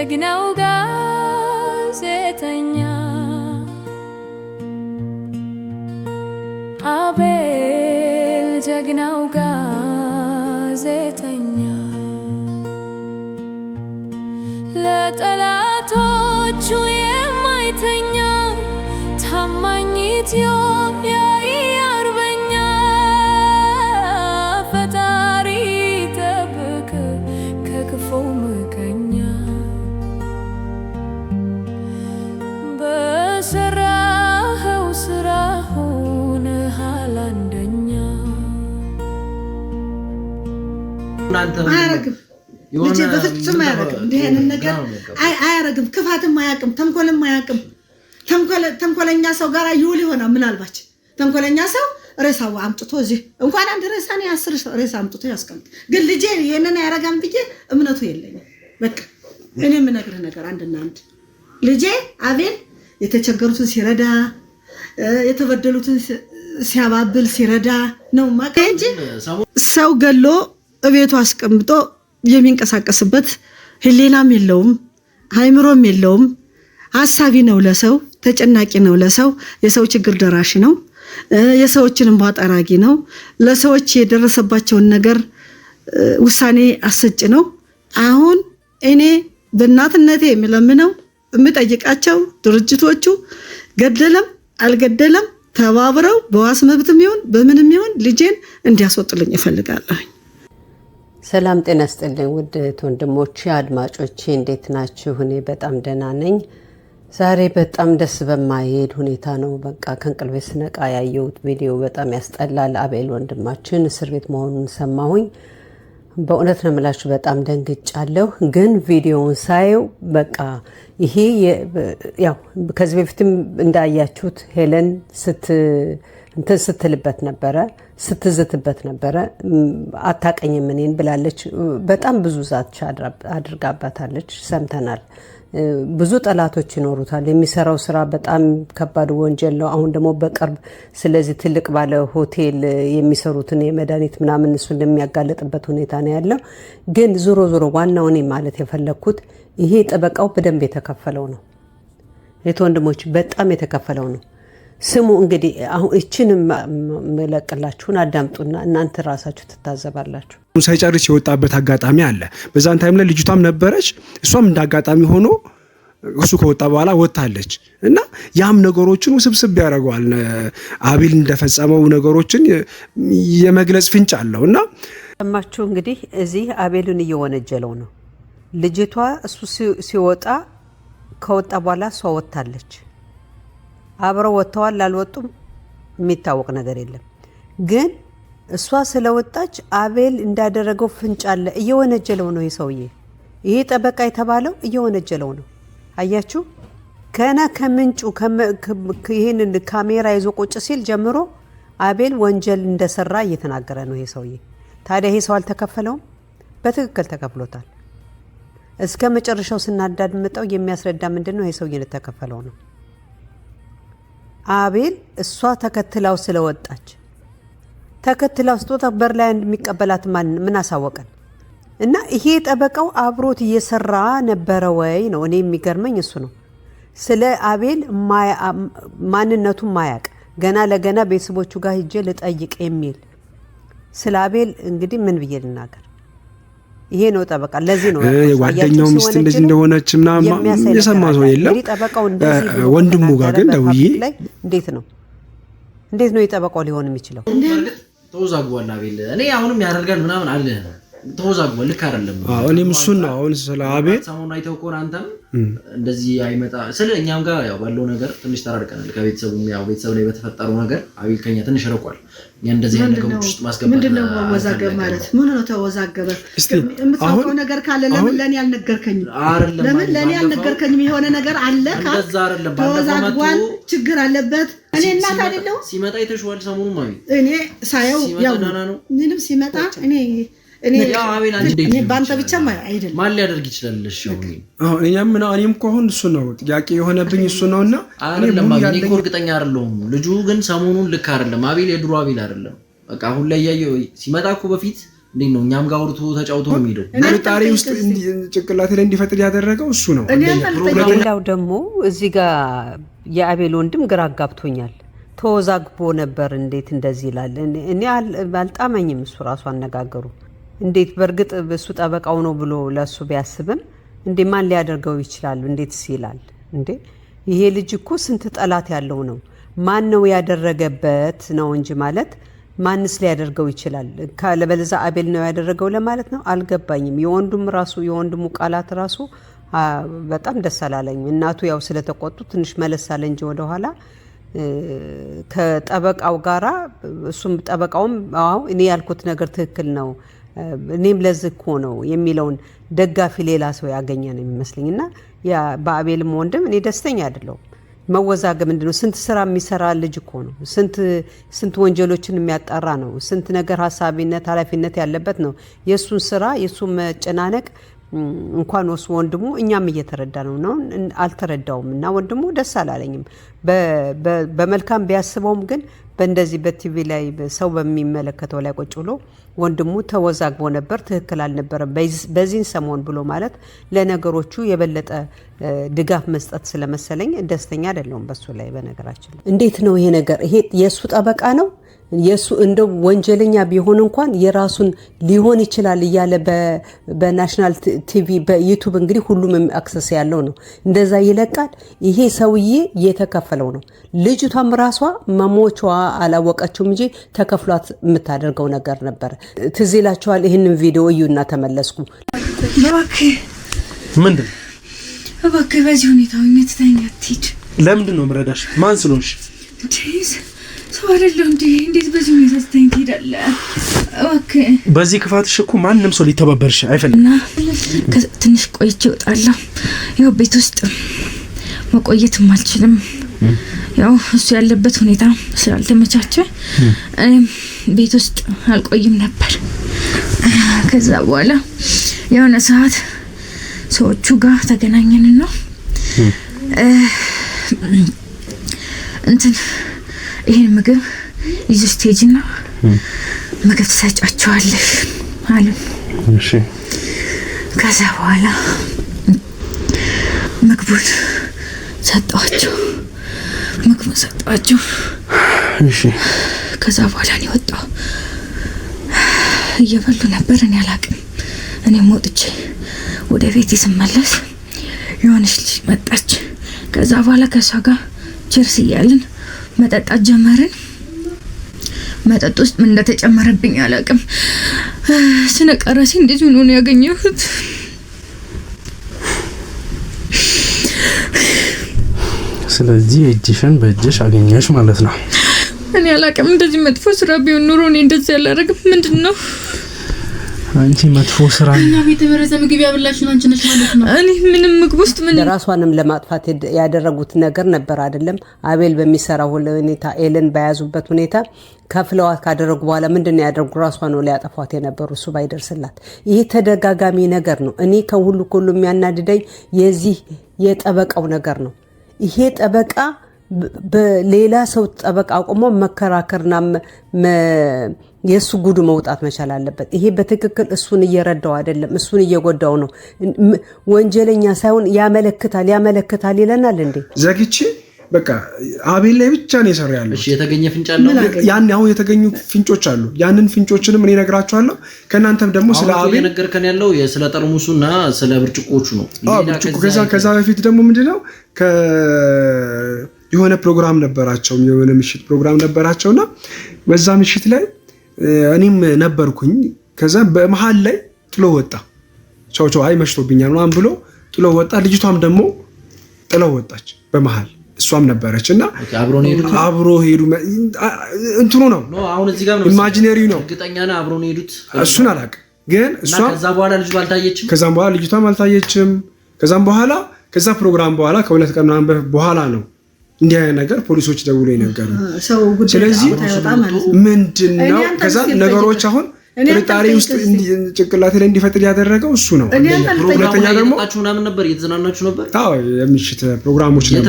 ጀግናው ጋዜጠኛ አቤል ጀግናው ጋዜጠኛ ለጠላቶቹ የማይተኛ ታማኝ ኢትዮ በሰራኸው ስራ ሆነሃል አንደኛ። ልጄ በፍጹም አያረግም፣ እንዲህ አይነት ነገር አያረግም። ክፋትም አያውቅም፣ ተንኮልም አያውቅም። ተንኮለኛ ሰው ጋር ይውል ይሆናል ምናልባች ተንኮለኛ ሰው ሬሳው አምጥቶ እዚህ እንኳን አንድ ሬሳ ነው አስር ሬሳ አምጥቶ ያስቀምጥ። ግን ልጄ ይህንን አያረጋም ብዬ እምነቱ የለኝም። በቃ እኔ የምነግርህ ነገር አንድና አንድ ልጄ አቤል የተቸገሩትን ሲረዳ፣ የተበደሉትን ሲያባብል ሲረዳ ነው እንጂ ሰው ገሎ እቤቱ አስቀምጦ የሚንቀሳቀስበት ህሊናም የለውም፣ አይምሮም የለውም። አሳቢ ነው ለሰው ተጨናቂ ነው ለሰው የሰው ችግር ደራሽ ነው። የሰዎችን እንባ ጠራጊ ነው። ለሰዎች የደረሰባቸውን ነገር ውሳኔ አሰጭ ነው። አሁን እኔ በእናትነቴ የምለምነው የምጠይቃቸው ድርጅቶቹ ገደለም አልገደለም ተባብረው በዋስ መብትም ይሁን በምንም ይሁን ልጄን እንዲያስወጡልኝ እፈልጋለሁ። ሰላም ጤና ስጥልኝ ውድ እህት አድማጮቼ እንዴት ናችሁ? እኔ በጣም ደህና ነኝ። ዛሬ በጣም ደስ በማይሄድ ሁኔታ ነው በቃ ከእንቅልቤ ስነቃ ያየሁት ቪዲዮ በጣም ያስጠላል። አቤል ወንድማችን እስር ቤት መሆኑን ሰማሁኝ። በእውነት ነው የምላችሁ በጣም ደንግጫለሁ። ግን ቪዲዮውን ሳየው በቃ ይሄ ያው ከዚህ በፊትም እንዳያችሁት ሄለን እንትን ስትልበት ነበረ፣ ስትዝትበት ነበረ። አታቀኝም እኔን ብላለች። በጣም ብዙ ዛቻ አድርጋባታለች፣ ሰምተናል። ብዙ ጠላቶች ይኖሩታል። የሚሰራው ስራ በጣም ከባድ ወንጀል ነው። አሁን ደግሞ በቅርብ ስለዚህ ትልቅ ባለ ሆቴል የሚሰሩትን የመድኃኒት ምናምን እሱ እንደሚያጋለጥበት ሁኔታ ነው ያለው። ግን ዞሮ ዞሮ ዋናው እኔ ማለት የፈለግኩት ይሄ ጠበቃው በደንብ የተከፈለው ነው። የት ወንድሞች በጣም የተከፈለው ነው። ስሙ እንግዲህ አሁን እችንም መለቅላችሁን አዳምጡና እናንተ ራሳችሁ ትታዘባላችሁ። ሳይጨርስ የወጣበት አጋጣሚ አለ። በዛን ታይም ላይ ልጅቷም ነበረች። እሷም እንደ አጋጣሚ ሆኖ እሱ ከወጣ በኋላ ወጥታለች እና ያም ነገሮችን ውስብስብ ያደርገዋል። አቤል እንደፈጸመው ነገሮችን የመግለጽ ፍንጭ አለው እና ሰማችሁ እንግዲህ እዚህ አቤልን እየወነጀለው ነው። ልጅቷ እሱ ሲወጣ ከወጣ በኋላ እሷ ወጥታለች። አብረው ወጥተዋል ላልወጡም የሚታወቅ ነገር የለም። ግን እሷ ስለወጣች አቤል እንዳደረገው ፍንጫ አለ። እየወነጀለው ነው የሰውዬ ይሄ ጠበቃ የተባለው እየወነጀለው ነው። አያችሁ ከነ ከምንጩ ይህንን ካሜራ ይዞ ቁጭ ሲል ጀምሮ አቤል ወንጀል እንደሰራ እየተናገረ ነው ይሄ ሰውዬ። ታዲያ ይሄ ሰው አልተከፈለውም? በትክክል ተከፍሎታል። እስከ መጨረሻው ስናዳድምጠው የሚያስረዳ ምንድን ነው? ይሄ ሰውዬ እንደተከፈለው ነው። አቤል እሷ ተከትላው ስለወጣች ተከትላው ስትወጣ በር ላይ እንደሚቀበላት ምን አሳወቀን? እና ይሄ ጠበቃው አብሮት እየሰራ ነበረ ወይ ነው እኔ የሚገርመኝ እሱ ነው። ስለ አቤል ማንነቱን ማያቅ ገና ለገና ቤተሰቦቹ ጋር ሂጄ ልጠይቅ የሚል ስለ አቤል እንግዲህ ምን ብዬ ልናገር? ይሄ ነው ጠበቃ። ለዚህ ነው የጓደኛው ሚስት እንደዚህ እንደሆነች ምናምን የሰማ ሰው የለም። ወንድሙ ጋር ግን ደውዬ እንዴት ነው እንዴት ነው የጠበቃው ሊሆን የሚችለው? ተወዛግቧል። አቤል እኔ አሁንም ያደርጋል ምናምን አለ ተወዛግቧል። ልክ አይደለም። እኔም እሱን ነው አሁን ስለ አቤል ሰሞኑን አይተው ከሆነ አንተም እንደዚህ አይመጣ ስለ እኛም ጋር ያው ባለው ነገር ትንሽ ተራርቀናል። ከቤተሰቡ ያው ቤተሰብ ላይ በተፈጠረው ነገር አቤል ከኛ ትንሽ ርቋል። እኛ እንደዚህ አይነት ነገሮች ውስጥ ማስገባት ምንድን ነው መወዛገብ ማለት ምን ነው? ተወዛገበ የምታውቀው ነገር ካለ ለምን ለእኔ አልነገርከኝም? ለምን ለእኔ አልነገርከኝም? የሆነ ነገር አለ ተወዛግቧል፣ ችግር አለበት። እኔ እናት አይደለሁ ሲመጣ የተሸዋል። ሰሞኑን እኔ ሳየው ያው ምንም ሲመጣ እኔ በአንተ ብቻ አይደለም። ማን ሊያደርግ ይችላል? እኔም እኮ አሁን እሱ ነው ጥያቄ የሆነብኝ እሱ ነው። እና እኔ እኮ እርግጠኛ አይደለሁም። ልጁ ግን ሰሞኑን ልክ አይደለም። አቤል የድሮ አቤል አይደለም። በቃ አሁን ላይ እያየሁ ሲመጣ እኮ በፊት እንዴት ነው እኛም ጋር አውርቶ ተጫውቶ የሚሄደው ጥርጣሬ ውስጥ ላይ እንዲፈጥር ያደረገው እሱ ነው። ሌላው ደግሞ እዚህ ጋር የአቤል ወንድም ግራ አጋብቶኛል። ተወዛግቦ ነበር። እንዴት እንደዚህ ይላል? እኔ አልጣመኝም። እሱ ራሱ አነጋገሩ እንዴት በእርግጥ እሱ ጠበቃው ነው ብሎ ለእሱ ቢያስብም እንዴ ማን ሊያደርገው ይችላል? እንዴት ይላል እንዴ ይሄ ልጅ እኮ ስንት ጠላት ያለው ነው። ማን ነው ያደረገበት ነው እንጂ ማለት ማንስ ሊያደርገው ይችላል? ካለበለዛ አቤል ነው ያደረገው ለማለት ነው። አልገባኝም። የወንዱም ራሱ የወንድሙ ቃላት ራሱ በጣም ደስ አላለኝ። እናቱ ያው ስለተቆጡ ትንሽ መለስ አለ እንጂ ወደኋላ ከጠበቃው ጋራ እሱም ጠበቃውም እኔ ያልኩት ነገር ትክክል ነው እኔም ለዚህ እኮ ነው የሚለውን ደጋፊ ሌላ ሰው ያገኘ ነው የሚመስለኝ እና በአቤልም ወንድም እኔ ደስተኛ አይደለሁም። መወዛገብ ምንድነው? ስንት ስራ የሚሰራ ልጅ እኮ ነው። ስንት ወንጀሎችን የሚያጣራ ነው። ስንት ነገር ሀሳቢነት፣ ኃላፊነት ያለበት ነው። የእሱን ስራ የእሱን መጨናነቅ እንኳን ወስ ወንድሙ እኛም እየተረዳ ነው ነው አልተረዳውም። እና ወንድሙ ደስ አላለኝም። በመልካም ቢያስበውም ግን በእንደዚህ በቲቪ ላይ ሰው በሚመለከተው ላይ ቁጭ ብሎ ወንድሙ ተወዛግቦ ነበር፣ ትክክል አልነበረም በዚህን ሰሞን ብሎ ማለት ለነገሮቹ የበለጠ ድጋፍ መስጠት ስለመሰለኝ ደስተኛ አይደለሁም በሱ ላይ። በነገራችን እንዴት ነው ይሄ ነገር? ይሄ የእሱ ጠበቃ ነው የሱ እንደ ወንጀለኛ ቢሆን እንኳን የራሱን ሊሆን ይችላል እያለ በናሽናል ቲቪ በዩቱብ እንግዲህ ሁሉም አክሰስ ያለው ነው። እንደዛ ይለቃል። ይሄ ሰውዬ የተከፈለው ነው። ልጅቷም ራሷ መሞቿ አላወቀችውም እንጂ ተከፍሏት የምታደርገው ነገር ነበር። ትዝ ይህንን ቪዲዮ እዩና ተመለስኩ። ምንድን እባክህ በዚህ ሁኔታ ለምንድን ነው ምረዳሽ? ማን ስለሆንሽ ሰው አይደለሁ እንዴ? እንዴት በዚህ ሁኔታ ስተኝ ትሄዳለህ? እባክህ በዚህ ክፋትሽ እኮ ማንም ሰው ሊተባበርሽ አይፈልግም። እና ትንሽ ቆይቼ እወጣለሁ። ያው ቤት ውስጥ መቆየትም አልችልም። ያው እሱ ያለበት ሁኔታ ስላልተመቻቸ እኔም ቤት ውስጥ አልቆይም ነበር። ከዛ በኋላ የሆነ ሰዓት ሰዎቹ ጋር ተገናኘን እንትን ይህን ምግብ ይዘሽ ትሄጂና ምግብ ትሰጫቸዋለሽ አሉ። እሺ። ከዛ በኋላ ምግቡን ሰጠዋቸው። ምግቡን ሰጠዋቸው። እሺ። ከዛ በኋላ እኔ ወጣሁ። እየበሉ ነበር። እኔ አላቅም። እኔ ወጥቼ ወደ ቤት ስመለስ የሆነች ልጅ መጣች። ከዛ በኋላ ከሷ ጋር ችርስ እያልን መጠጣት ጀመርን። መጠጥ ውስጥ ምን እንደተጨመረብኝ አላውቅም። ስነቀረሴ እንዴት ምን ሆነ ያገኘሁት? ስለዚህ እጅሽን በእጅሽ አገኘሽ ማለት ነው። እኔ አላውቅም። እንደዚህ መጥፎ ስራ ቢሆን ኑሮ እኔ እንደዚህ ያላደረግም ምንድን ነው አንቺ መጥፎ ስራ እና ቤት በረሰ ምግብ ያብላሽ ነው አንቺ ነሽ ማለት ነው። እኔ ምንም ምግብ ውስጥ ምን ራሷንም ለማጥፋት ያደረጉት ነገር ነበር አይደለም። አቤል በሚሰራው ሁኔታ ኤለን በያዙበት ሁኔታ ከፍለዋት ካደረጉ በኋላ ምንድን ነው ያደርጉ? ራሷ ነው ሊያጠፏት የነበሩ እሱ ባይደርስላት። ይህ ተደጋጋሚ ነገር ነው። እኔ ከሁሉ ሁሉ የሚያናድደኝ የዚህ የጠበቃው ነገር ነው። ይሄ ጠበቃ በሌላ ሰው ጠበቃ አቁሞ መከራከርና የእሱ ጉዱ መውጣት መቻል አለበት። ይሄ በትክክል እሱን እየረዳው አይደለም፣ እሱን እየጎዳው ነው። ወንጀለኛ ሳይሆን ያመለክታል ያመለክታል ይለናል። እንዴ ዘግቼ በቃ አቤል ላይ ብቻ ነው የሰራ ያለ የተገኘ ፍንጫ ያን አሁን የተገኙ ፍንጮች አሉ። ያንን ፍንጮችንም እኔ እነግራቸዋለሁ። ከእናንተም ደግሞ ስለ አቤል ነገርከን ያለው ስለ ጠርሙሱና ስለ ብርጭቆቹ ነው። ከዛ በፊት ደግሞ ምንድነው የሆነ ፕሮግራም ነበራቸው፣ የሆነ ምሽት ፕሮግራም ነበራቸው እና በዛ ምሽት ላይ እኔም ነበርኩኝ። ከዛ በመሀል ላይ ጥሎ ወጣ። ቻው ቻው፣ አይ መሽቶብኛል ምናምን ብሎ ጥሎ ወጣ። ልጅቷም ደግሞ ጥለው ወጣች በመሀል እሷም ነበረች እና አብሮ ሄዱ። እንትኑ ነው ኢማጂነሪ ነው እሱን አላውቅም፣ ግን ከዛም በኋላ ልጅቷም አልታየችም። ከዛም በኋላ ከዛ ፕሮግራም በኋላ ከሁለት ቀን በኋላ ነው እንዲህ አይነት ነገር ፖሊሶች ደውሎ ይነገሩ። ስለዚህ ምንድነው ከዛ ነገሮች አሁን ጥርጣሬ ውስጥ ጭንቅላት ላይ እንዲፈጥር ያደረገው እሱ ነው። ሁለተኛ ደግሞ ምናምን ነበር እየተዝናናችሁ ነበር። አዎ የምሽት ፕሮግራሞች ነበር።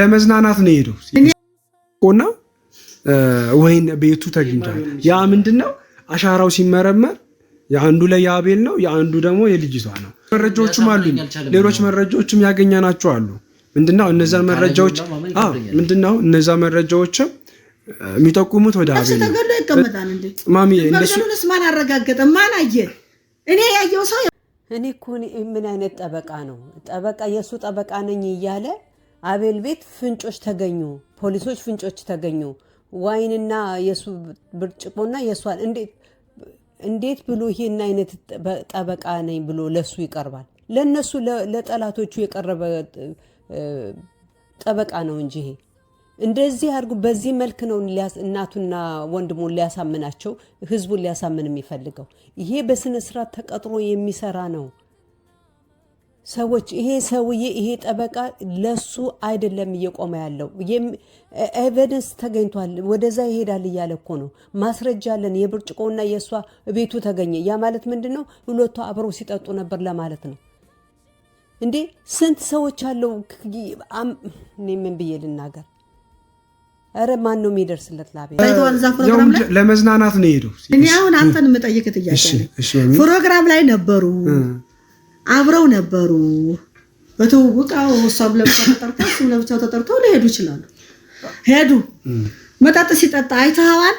ለመዝናናት ነው የሄደው እና ወይን ቤቱ ተግኝቷል። ያ ምንድነው አሻራው ሲመረመር የአንዱ ላይ የአቤል ነው፣ የአንዱ ደግሞ የልጅቷ ነው። መረጃዎቹም አሉ፣ ሌሎች መረጃዎችም ያገኘናቸው አሉ። ምንድነው እነዛን መረጃዎች ምንድነው እነዛ መረጃዎችም የሚጠቁሙት ወደ አቤል ነው። ማሚ እነሱንስ ማን አረጋገጠ? ማን አየ? እኔ ያየው ሰው እኔ እኮ ምን አይነት ጠበቃ ነው? ጠበቃ የእሱ ጠበቃ ነኝ እያለ አቤል ቤት ፍንጮች ተገኙ፣ ፖሊሶች ፍንጮች ተገኙ፣ ዋይንና የእሱ ብርጭቆና የእሷን እንዴት እንዴት ብሎ ይሄን አይነት ጠበቃ ነኝ ብሎ ለሱ ይቀርባል? ለነሱ ለጠላቶቹ የቀረበ ጠበቃ ነው እንጂ ይሄ እንደዚህ አድርጉ፣ በዚህ መልክ ነው እናቱና ወንድሙን ሊያሳምናቸው ህዝቡን ሊያሳምን የሚፈልገው። ይሄ በስነ ስርዓት ተቀጥሮ የሚሰራ ነው። ሰዎች ይሄ ሰውዬ ይሄ ጠበቃ ለሱ አይደለም እየቆመ ያለው። ኤቨደንስ ተገኝቷል፣ ወደዛ ይሄዳል እያለ እኮ ነው። ማስረጃ አለን። የብርጭቆና የእሷ ቤቱ ተገኘ። ያ ማለት ምንድን ነው? ሁለቱ አብረው ሲጠጡ ነበር ለማለት ነው። እንዴ ስንት ሰዎች አለው። እኔ ምን ብዬ ልናገር? ኧረ ማን ነው የሚደርስለት? ለመዝናናት ነው የሄዱ። እኔ አሁን አንተን የምጠይቅ ጥያቄ ፕሮግራም ላይ ነበሩ አብረው ነበሩ። በትውውቅ እሷም ለብቻው ተጠርታ እሱም ለብቻው ተጠርተው ሊሄዱ ይችላሉ። ሄዱ። መጠጥ ሲጠጣ አይተኸዋል?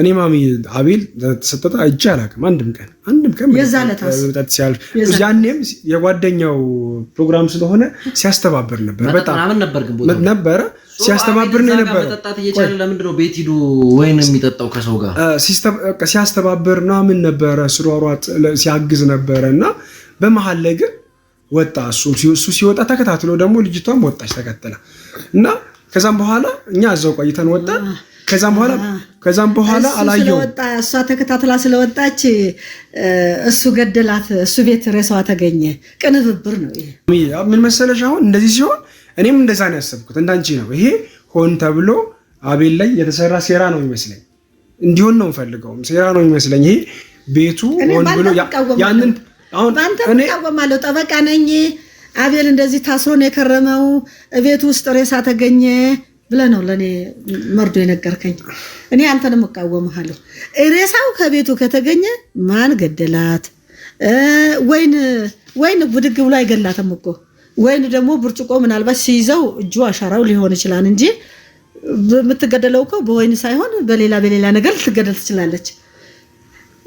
እኔ ማሚ አቤል ተሰጠጠ እጅ አላውቅም። አንድም ቀን አንድም ቀን መጠጥ ሲያልፍ ያኔም የጓደኛው ፕሮግራም ስለሆነ ሲያስተባብር ነበር። በጣም ነበረ ሲያስተባብር ነው የነበረው። መጠጣት እየቻለ ለምንድን ነው ቤት ወይን የሚጠጣው ከሰው ጋር ሲያስተባብር ምናምን ነበረ። ስሯሯጥ ሲያግዝ ነበረ እና በመሀል ላይ ግን ወጣ። እሱ ሲወጣ ተከታትሎ ደግሞ ልጅቷም ወጣች ተከትላ እና ከዛም በኋላ እኛ እዛው ቆይተን ወጣ። ከዛም በኋላ ከዛም በኋላ አላየሁም። እሷ ተከታትላ ስለወጣች እሱ ገደላት። እሱ ቤት ሬሳዋ ተገኘ። ቅንብብር ነው ይሄ። ምን መሰለሽ አሁን እንደዚህ ሲሆን እኔም እንደዛ ነው ያሰብኩት፣ እንዳንቺ ነው። ይሄ ሆን ተብሎ አቤል ላይ የተሰራ ሴራ ነው ይመስለኝ። እንዲሆን ነው የምፈልገውም ሴራ ነው ይመስለኝ። ይሄ ቤቱ ሆን ብሎ ያንን አሁን አንተ ጠበቃ ነኝ። አቤል እንደዚህ ታስሮ የከረመው፣ እቤት ውስጥ ሬሳ ተገኘ ብለህ ነው ለእኔ መርዶ የነገርከኝ። እኔ አንተንም እቃወምሃለሁ። ሬሳው ከቤቱ ከተገኘ ማን ገደላት? ወይን ወይን ብድግ ብሎ አይገላትም እኮ ወይን ደግሞ ብርጭቆ ምናልባት ሲይዘው እጁ አሻራው ሊሆን ይችላል እንጂ የምትገደለው እኮ በወይን ሳይሆን በሌላ በሌላ ነገር ልትገደል ትችላለች።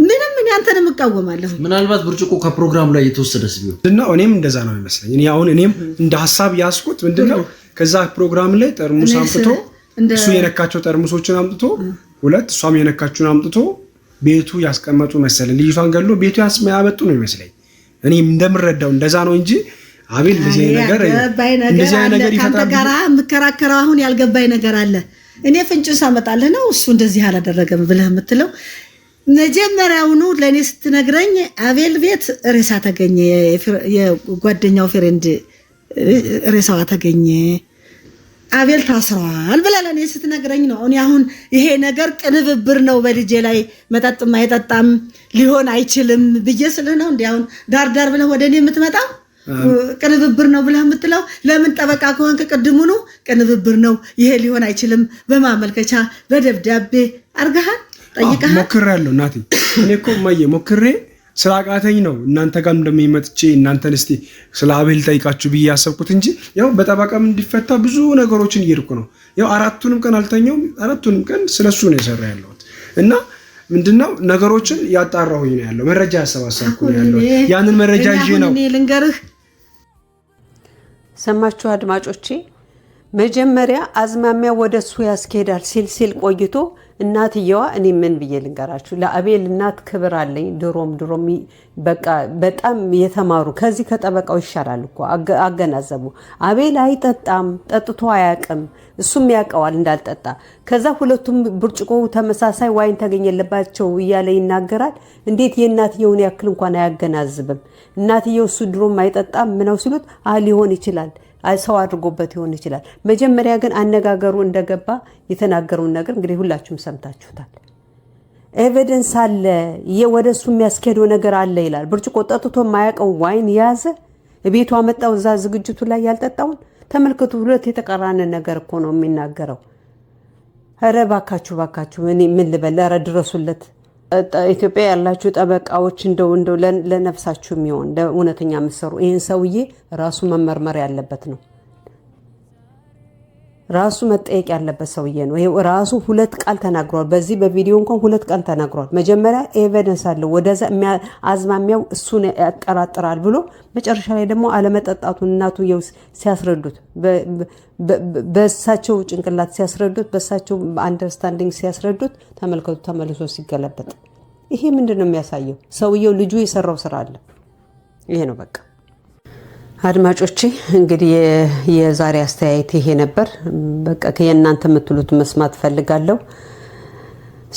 ምንም እኔ አንተን የምቃወማለሁ። ምናልባት ብርጭቆ ከፕሮግራሙ ላይ የተወሰደ ሲሆን እና እኔም እንደዛ ነው ይመስለኝ። እኔ አሁን እኔም እንደ ሀሳብ ያስኩት ምንድነው ከዛ ፕሮግራም ላይ ጠርሙስ አምጥቶ እሱ የነካቸው ጠርሙሶችን አምጥቶ ሁለት እሷም የነካችውን አምጥቶ ቤቱ ያስቀመጡ መሰለኝ። ልጅቷን ገሎ ቤቱ ያመጡ ነው ይመስለኝ። እኔ እንደምረዳው እንደዛ ነው እንጂ አቤል እንደዚህ ነገር እንደዚህ ነገር ጋራ የምከራከረው አሁን ያልገባኝ ነገር አለ። እኔ ፍንጭን ሳመጣልህ ነው እሱ እንደዚህ አላደረገም ብለህ የምትለው መጀመሪያውኑ ለእኔ ስትነግረኝ አቤል ቤት ሬሳ ተገኘ፣ የጓደኛው ፍሬንድ ሬሳዋ ተገኘ፣ አቤል ታስረዋል ብላ ለእኔ ስትነግረኝ ነው። እኔ አሁን ይሄ ነገር ቅንብብር ነው፣ በልጄ ላይ መጠጥም አይጠጣም ሊሆን አይችልም ብዬ ስልህ ነው። እንዲ አሁን ዳርዳር ብለህ ወደ እኔ የምትመጣው ቅንብብር ነው ብለህ የምትለው ለምን? ጠበቃ ከሆንክ ቅድሙኑ ቅንብብር ነው ይሄ ሊሆን አይችልም በማመልከቻ በደብዳቤ አድርገሃል። ጠይቀሃል? ሞክሬያለሁ እናቴ። እኔ እኮ እማዬ ሞክሬ አቃተኝ ነው እናንተ ጋር እንደሚመጥቼ እናንተን እስቲ ስለ አቤል ጠይቃችሁ ብዬ ያሰብኩት እንጂ ያው በጠበቃም እንዲፈታ ብዙ ነገሮችን እየሄድኩ ነው። ያው አራቱንም ቀን አልተኛውም። አራቱንም ቀን ስለሱ ነው የሰራ ያለሁት እና ምንድነው ነገሮችን ያጣራሁኝ ነው ያለው። መረጃ ያሰባሰብኩ ነው ያለው። ያንን መረጃ ይዤ ነው ልንገርህ። ሰማችሁ አድማጮቼ፣ መጀመሪያ አዝማሚያ ወደ እሱ ያስኬዳል ሲል ሲል ቆይቶ እናትየዋ እኔ ምን ብዬ ልንገራችሁ፣ ለአቤል እናት ክብር አለኝ። ድሮም ድሮም በቃ በጣም የተማሩ ከዚህ ከጠበቃው ይሻላል እኮ አገናዘቡ። አቤል አይጠጣም፣ ጠጥቶ አያውቅም። እሱም ያውቀዋል እንዳልጠጣ። ከዛ ሁለቱም ብርጭቆ ተመሳሳይ ዋይን ተገኘለባቸው እያለ ይናገራል። እንዴት የእናትየውን ያክል እንኳን አያገናዝብም? እናትየው እሱ ድሮም አይጠጣም ምነው ሲሉት ሊሆን ይችላል ሰው አድርጎበት ሊሆን ይችላል። መጀመሪያ ግን አነጋገሩ እንደገባ የተናገረውን ነገር እንግዲህ ሁላችሁም ሰምታችሁታል። ኤቪደንስ አለ፣ ወደ እሱ የሚያስኬደው ነገር አለ ይላል። ብርጭቆ ጠጥቶ የማያውቀው ዋይን የያዘ ቤቱ አመጣው፣ እዛ ዝግጅቱ ላይ ያልጠጣውን ተመልክቱ። ሁለት የተቀራነ ነገር እኮ ነው የሚናገረው። ኧረ እባካችሁ እባካችሁ ምን ልበል? ኧረ ድረሱለት ኢትዮጵያ ያላችሁ ጠበቃዎች እንደው እንደው ለነፍሳችሁ የሚሆን ለእውነተኛ የምትሰሩ ይህን ሰውዬ ራሱ መመርመር ያለበት ነው። ራሱ መጠየቅ ያለበት ሰውዬ ነው። ይሄው ራሱ ሁለት ቃል ተናግሯል። በዚህ በቪዲዮ እንኳን ሁለት ቃል ተናግሯል። መጀመሪያ ኤቨደንስ አለው ወደዛ አዝማሚያው እሱን ያጠራጥራል ብሎ መጨረሻ ላይ ደግሞ አለመጠጣቱን እናቱ ሲያስረዱት፣ በእሳቸው ጭንቅላት ሲያስረዱት፣ በእሳቸው አንደርስታንዲንግ ሲያስረዱት፣ ተመልከቱ ተመልሶ ሲገለበጥ። ይሄ ምንድን ነው የሚያሳየው? ሰውየው ልጁ የሰራው ስራ አለ። ይሄ ነው በቃ አድማጮች እንግዲህ የዛሬ አስተያየት ይሄ ነበር። በቃ የእናንተ የምትሉት መስማት ፈልጋለሁ።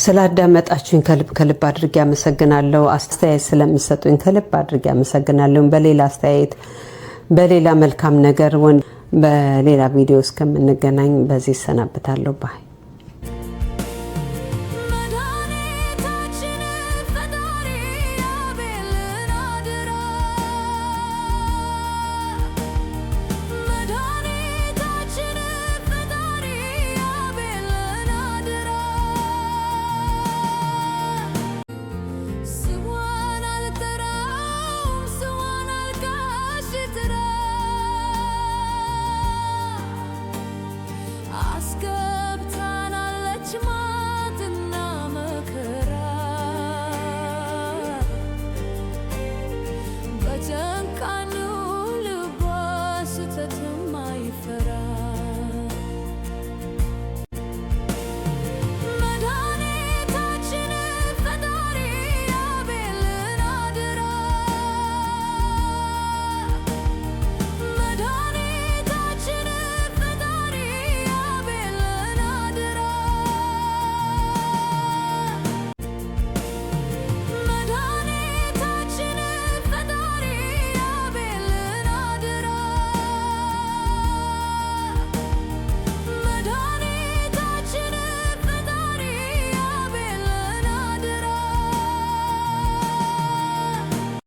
ስላዳመጣችሁኝ ከልብ ከልብ አድርጌ አመሰግናለሁ። አስተያየት ስለሚሰጡኝ ከልብ አድርጌ አመሰግናለሁ። በሌላ አስተያየት፣ በሌላ መልካም ነገር፣ በሌላ ቪዲዮ እስከምንገናኝ በዚህ ይሰናብታለሁ ባይ